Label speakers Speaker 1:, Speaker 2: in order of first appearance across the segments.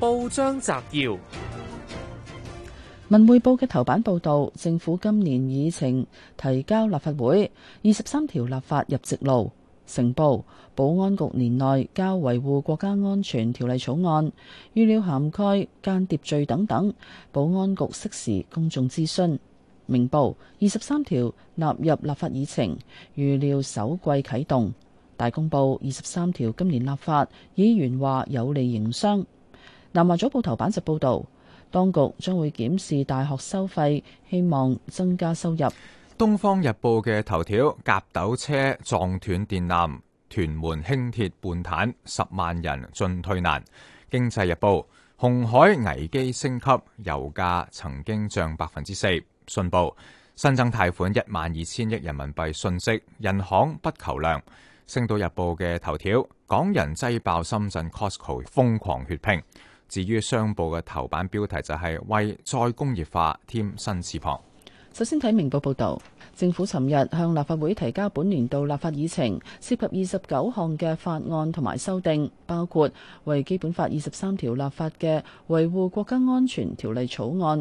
Speaker 1: 報章摘要：
Speaker 2: 文匯報嘅頭版報道，政府今年議程提交立法會二十三條立法入直路。成報：保安局年內交維護國家安全條例草案，預料涵蓋間諜罪等等。保安局適時公眾諮詢。明報二十三條納入立法議程，預料首季啟動。大公報二十三條今年立法，議員話有利營商。南華早報頭版就報道，當局將會檢視大學收費，希望增
Speaker 1: 加收入。東方日報嘅頭條：夾斗車撞斷電纜，屯門輕鐵半癱，十萬人進退難。經濟日報：紅海危機升級，油價曾經漲百分之四。信報：新增貸款一萬二千億人民幣，訊息：銀行不求量。星島日報嘅頭條：港人擠爆深圳 Costco，瘋狂血拼。至於商報嘅頭版標題就係為再工業化添新翅膀。
Speaker 2: 首先睇明報報導，政府尋日向立法會提交本年度立法議程，涉及二十九項嘅法案同埋修訂，包括為基本法二十三條立法嘅《維護國家安全條例草案》。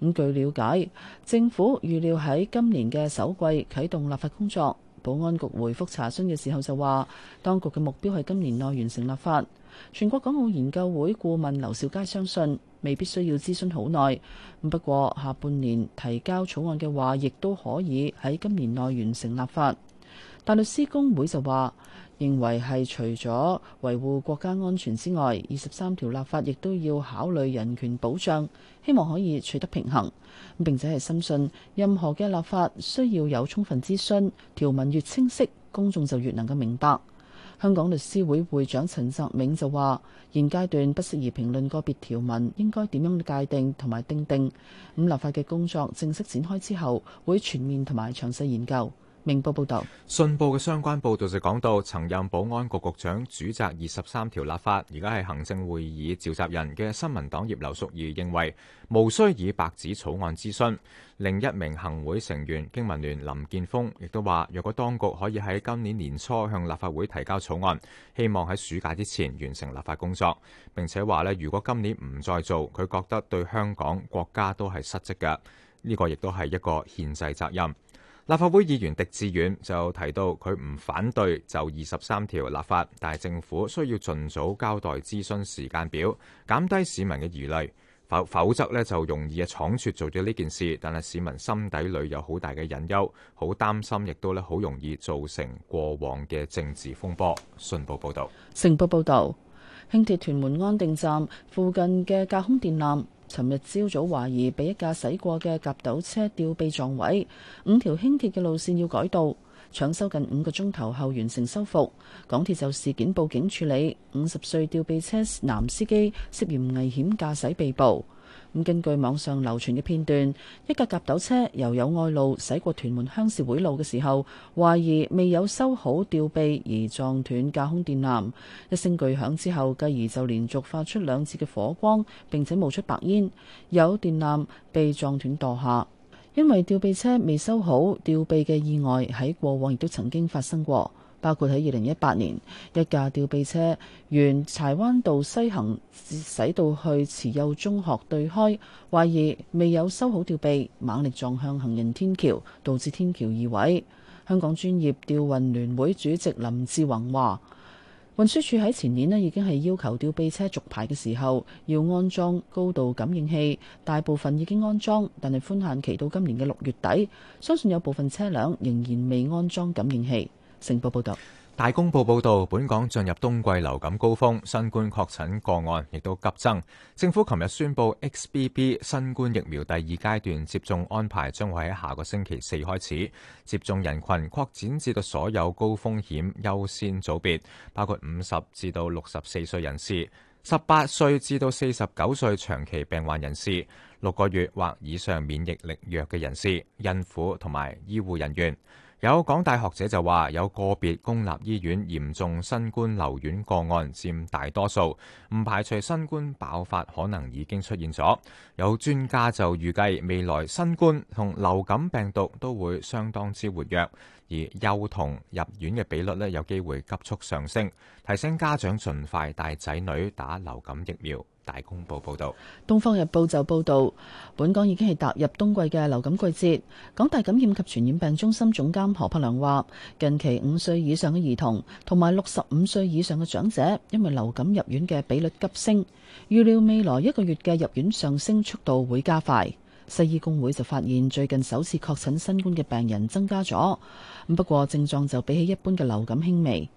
Speaker 2: 咁據了解，政府預料喺今年嘅首季啟動立法工作。保安局回覆查詢嘅時候就話，當局嘅目標係今年內完成立法。全國港澳研究會顧問劉兆佳相信未必需要諮詢好耐，不過下半年提交草案嘅話，亦都可以喺今年內完成立法。大律師公會就話，認為係除咗維護國家安全之外，二十三條立法亦都要考慮人權保障，希望可以取得平衡。並且係深信，任何嘅立法需要有充分諮詢，條文越清晰，公眾就越能夠明白。香港律師會會長陳澤銘就話：現階段不適宜評論個別條文應該點樣界定同埋訂定，五立法嘅工作正式展開之後，會全面同埋詳細研究。明報報導，
Speaker 1: 信報嘅相關報導就講到，曾任保安局局長主責二十三條立法，而家係行政會議召集人嘅新民黨葉劉淑儀認為，無需以白紙草案諮詢。另一名行會成員經民聯林建峰亦都話，若果當局可以喺今年年初向立法會提交草案，希望喺暑假之前完成立法工作。並且話咧，如果今年唔再做，佢覺得對香港國家都係失職嘅。呢、這個亦都係一個憲制責任。立法會議員狄志遠就提到，佢唔反對就二十三條立法，但係政府需要盡早交代諮詢時間表，減低市民嘅疑慮。否否則呢，就容易啊，倉促做咗呢件事，但係市民心底裏有好大嘅隱憂，好擔心，亦都咧好容易造成過往嘅政治風波。信報報道：
Speaker 2: 「信報報道，輕鐵屯門安定站附近嘅架空電纜。尋日朝早，懷疑被一架駛過嘅夾斗車吊臂撞毀，五條輕鐵嘅路線要改道，搶修近五個鐘頭後完成修復。港鐵就事件報警處理，五十歲吊臂車男司機涉嫌危險駕駛被捕。咁根據網上流傳嘅片段，一架夾斗車由友愛路駛過屯門鄉事會路嘅時候，懷疑未有收好吊臂而撞斷架空電纜，一聲巨響之後，繼而就連續發出兩次嘅火光，並且冒出白煙，有電纜被撞斷墮下。因為吊臂車未收好吊臂嘅意外喺過往亦都曾經發生過。包括喺二零一八年，一架吊臂車沿柴灣道西行，駛到去慈幼中學對開，懷疑未有修好吊臂，猛力撞向行人天橋，導致天橋移位。香港專業吊運聯會主席林志宏話，運輸署喺前年呢已經係要求吊臂車續牌嘅時候要安裝高度感應器，大部分已經安裝，但係寬限期到今年嘅六月底，相信有部分車輛仍然未安裝感應器。成報報道，
Speaker 1: 大公報報道，本港進入冬季流感高峰，新冠確診個案亦都急增。政府琴日宣布，XBB 新冠疫苗第二階段接種安排將會喺下個星期四開始，接種人群擴展至到所有高風險優先組別，包括五十至到六十四歲人士、十八歲至到四十九歲長期病患人士、六個月或以上免疫力弱嘅人士、孕婦同埋醫護人員。有港大學者就話，有個別公立醫院嚴重新冠留院個案佔大多數，唔排除新冠爆發可能已經出現咗。有專家就預計未來新冠同流感病毒都會相當之活躍，而幼童入院嘅比率呢，有機會急速上升，提醒家長盡快帶仔女打流感疫苗。大公報報導，
Speaker 2: 《東方日報》就報導，本港已經係踏入冬季嘅流感季節。港大感染及傳染病中心總監何柏良話：近期五歲以上嘅兒童同埋六十五歲以上嘅長者，因為流感入院嘅比率急升，預料未來一個月嘅入院上升速度會加快。西醫工會就發現，最近首次確診新冠嘅病人增加咗，不過症狀就比起一般嘅流感輕微。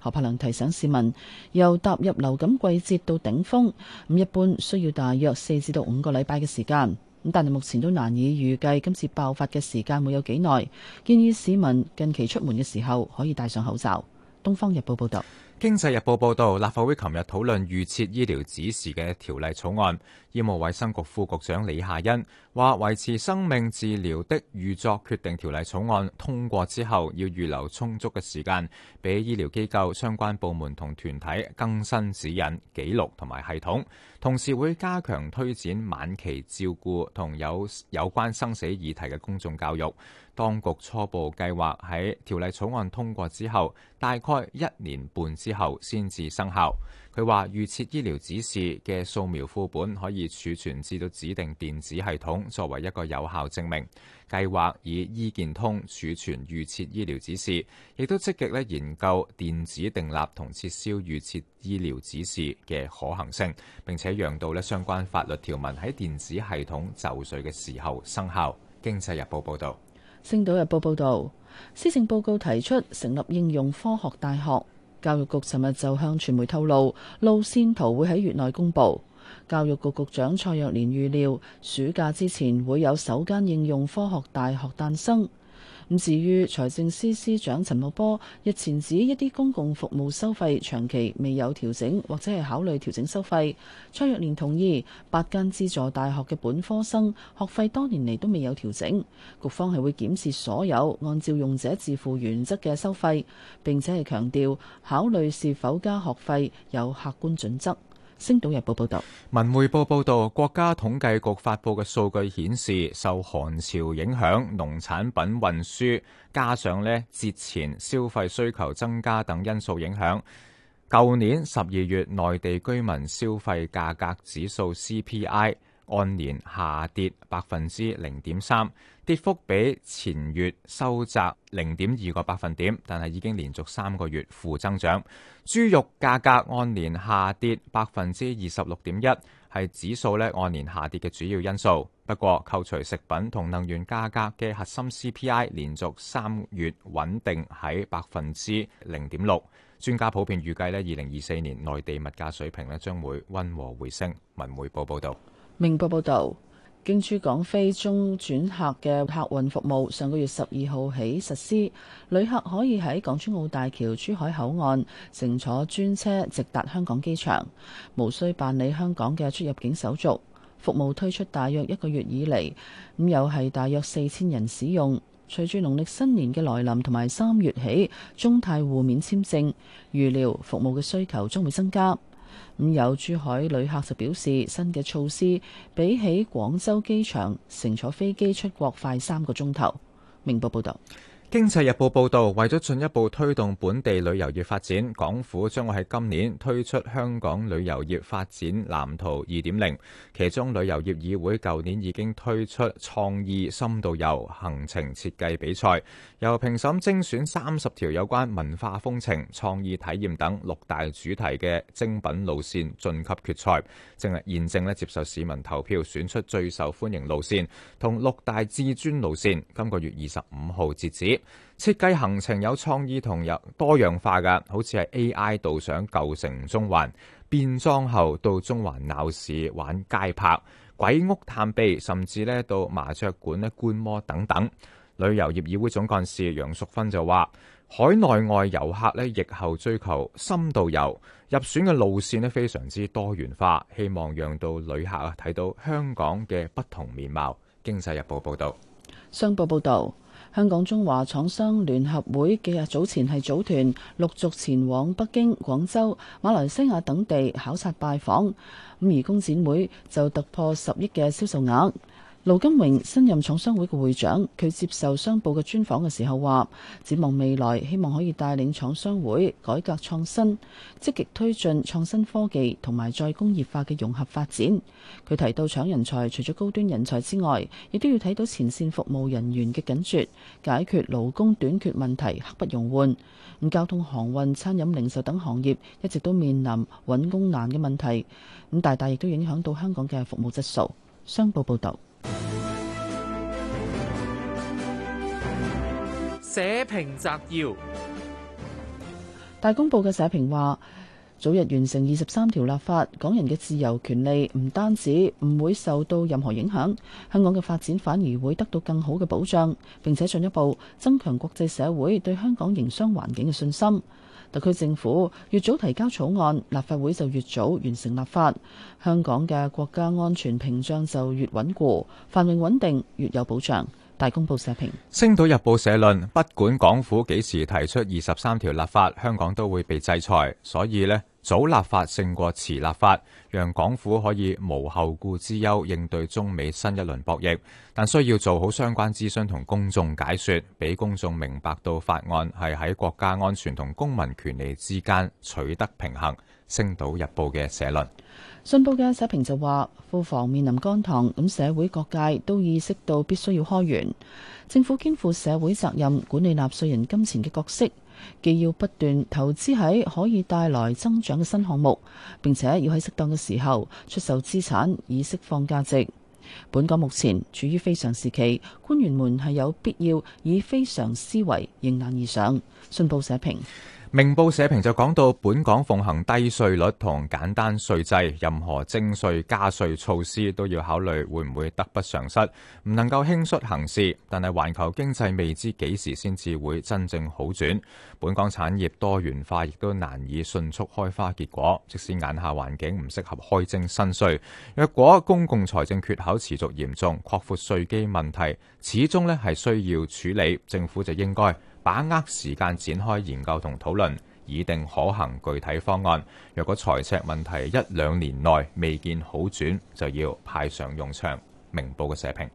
Speaker 2: 何柏良提醒市民，由踏入流感季節到頂峰，咁一般需要大約四至到五個禮拜嘅時間。咁但係目前都難以預計今次爆發嘅時間會有幾耐，建議市民近期出門嘅時候可以戴上口罩。東方日報報道。
Speaker 1: 經濟日報報道，立法會琴日討論預設醫療指示嘅條例草案。醫務衛生局副局長李夏欣話，維持生命治療的預作決定條例草案通過之後，要預留充足嘅時間，俾醫療機構、相關部門同團體更新指引、記錄同埋系統，同時會加強推展晚期照顧同有有關生死議題嘅公眾教育。當局初步計劃喺條例草案通過之後，大概一年半之後先至生效。佢話預設醫療指示嘅掃描副本可以儲存至到指定電子系統，作為一個有效證明。計劃以醫健通儲存預設醫療指示，亦都積極咧研究電子訂立同撤銷預設醫療指示嘅可行性。並且讓到咧相關法律條文喺電子系統就緒嘅時候生效。經濟日報報導。
Speaker 2: 星島日報報道，施政報告提出成立應用科學大學。教育局尋日就向傳媒透露，路線圖會喺月內公布。教育局局長蔡若蓮預料，暑假之前會有首間應用科學大學誕生。咁至於財政司司長陳茂波日前指一啲公共服務收費長期未有調整或者係考慮調整收費，蔡若蓮同意八間資助大學嘅本科生學費多年嚟都未有調整，局方係會檢視所有按照用者自付原則嘅收費，並且係強調考慮是否加學費有客觀準則。星島日報報道，
Speaker 1: 文匯報報道，國家統計局發布嘅數據顯示，受寒潮影響、農產品運輸，加上呢節前消費需求增加等因素影響，舊年十二月內地居民消費價格指數 CPI，按年下跌百分之零點三，跌幅比前月收窄零點二個百分點，但係已經連續三個月負增長。豬肉價格按年下跌百分之二十六點一，係指數咧按年下跌嘅主要因素。不過扣除食品同能源價格嘅核心 CPI，連續三月穩定喺百分之零點六。專家普遍預計咧，二零二四年內地物價水平咧將會溫和回升。文匯報報道。
Speaker 2: 明報報道，經珠港飛中轉客嘅客運服務上個月十二號起實施，旅客可以喺港珠澳大橋珠海口岸乘坐專車直達香港機場，無需辦理香港嘅出入境手續，服務推出大約一個月以嚟，咁又係大約四千人使用。隨住農曆新年嘅來臨同埋三月起中泰互免簽證，預料服務嘅需求將會增加。咁有珠海旅客就表示，新嘅措施比起廣州機場乘坐飛機出國快三個鐘頭。明報報道。
Speaker 1: 經濟日報報道，為咗進一步推動本地旅遊業發展，港府將會喺今年推出香港旅遊業發展藍圖二點零。其中，旅遊業議會舊年已經推出創意深度遊行程設計比賽，由評審精選三十條有關文化風情、創意體驗等六大主題嘅精品路線晉級決賽，正係現正接受市民投票選出最受歡迎路線同六大至尊路線。今個月二十五號截止。設計行程有創意同有多樣化嘅，好似係 AI 導賞舊城中環，變裝後到中環鬧市玩街拍、鬼屋探秘，甚至呢到麻雀館咧觀摩等等。旅遊業議會總幹事楊淑芬就話，海內外遊客呢疫後追求深度遊，入選嘅路線呢非常之多元化，希望讓到旅客啊睇到香港嘅不同面貌。經濟日報報道，
Speaker 2: 商報報道。香港中華廠商聯合會幾日早前係組團陸續前往北京、廣州、馬來西亞等地考察拜訪，咁而工展會就突破十億嘅銷售額。盧金榮新任廠商會嘅會長，佢接受商報嘅專訪嘅時候話：展望未來，希望可以帶領廠商會改革創新，積極推進創新科技同埋再工業化嘅融合發展。佢提到搶人才，除咗高端人才之外，亦都要睇到前綫服務人員嘅緊缺，解決勞工短缺問題刻不容緩。咁、嗯、交通、航運、餐飲、零售等行業一直都面臨揾工難嘅問題，咁、嗯、大大亦都影響到香港嘅服務質素。商報報道。
Speaker 1: 社評摘要：
Speaker 2: 大公報嘅社評話，早日完成二十三條立法，港人嘅自由權利唔單止唔會受到任何影響，香港嘅發展反而會得到更好嘅保障，並且進一步增強國際社會對香港營商環境嘅信心。特區政府越早提交草案，立法會就越早完成立法，香港嘅國家安全屏障就越穩固，繁榮穩定，越有保障。大公報社評，
Speaker 1: 《星島日報》社論：不管港府幾時提出二十三條立法，香港都會被制裁，所以呢。早立法勝過遲立法，讓港府可以無後顧之憂應對中美新一輪博弈，但需要做好相關諮詢同公眾解說，俾公眾明白到法案係喺國家安全同公民權利之間取得平衡。星島日報嘅社論，
Speaker 2: 信報嘅社評就話：庫房面臨乾塘，咁社會各界都意識到必須要開源，政府肩負社會責任、管理納稅人金錢嘅角色。既要不斷投資喺可以帶來增長嘅新項目，並且要喺適當嘅時候出售資產以釋放價值。本港目前處於非常時期，官員們係有必要以非常思維迎難而上。信報社評。
Speaker 1: 明報社評就講到，本港奉行低稅率同簡單稅制，任何徵稅加稅措施都要考慮會唔會得不償失，唔能夠輕率行事。但係環球經濟未知幾時先至會真正好轉，本港產業多元化亦都難以迅速開花結果。即使眼下環境唔適合開徵新稅，若果公共財政缺口持續嚴重，擴闊稅基問題始終呢係需要處理，政府就應該。把握時間展開研究同討論，擬定可行具體方案。若果財赤問題一兩年內未見好轉，就要派上用場。明報嘅社評。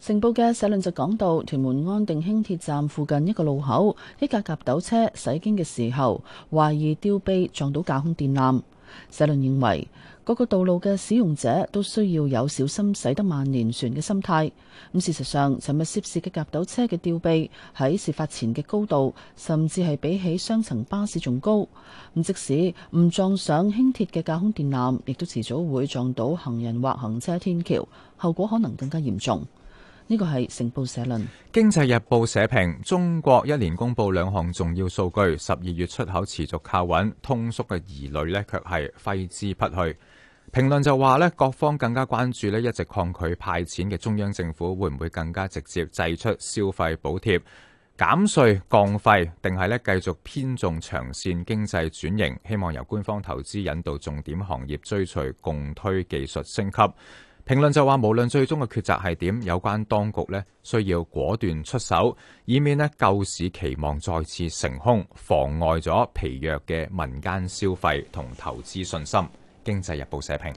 Speaker 2: 成報嘅社論就講到，屯門安定輕鐵站附近一個路口，一架夾斗車駛經嘅時候，懷疑吊臂撞到架空電纜。社論認為，各個道路嘅使用者都需要有小心駛得萬年船嘅心態。咁事實上，尋日涉事嘅夾斗車嘅吊臂喺事發前嘅高度，甚至係比起雙層巴士仲高。咁即使唔撞上輕鐵嘅架空電纜，亦都遲早會撞到行人或行車天橋，後果可能更加嚴重。呢個係《成報社論》，
Speaker 1: 《經濟日報》社評：中國一年公布兩項重要數據，十二月出口持續靠穩，通縮嘅疑慮咧卻係揮之不去。評論就話咧，各方更加關注咧，一直抗拒派錢嘅中央政府會唔會更加直接祭出消費補貼、減稅降費，定係咧繼續偏重長線經濟轉型？希望由官方投資引導重點行業追隨，共推技術升級。評論就話，無論最終嘅抉擇係點，有關當局咧需要果斷出手，以免咧救市期望再次成空，妨礙咗疲弱嘅民間消費同投資信心。經濟日報社評。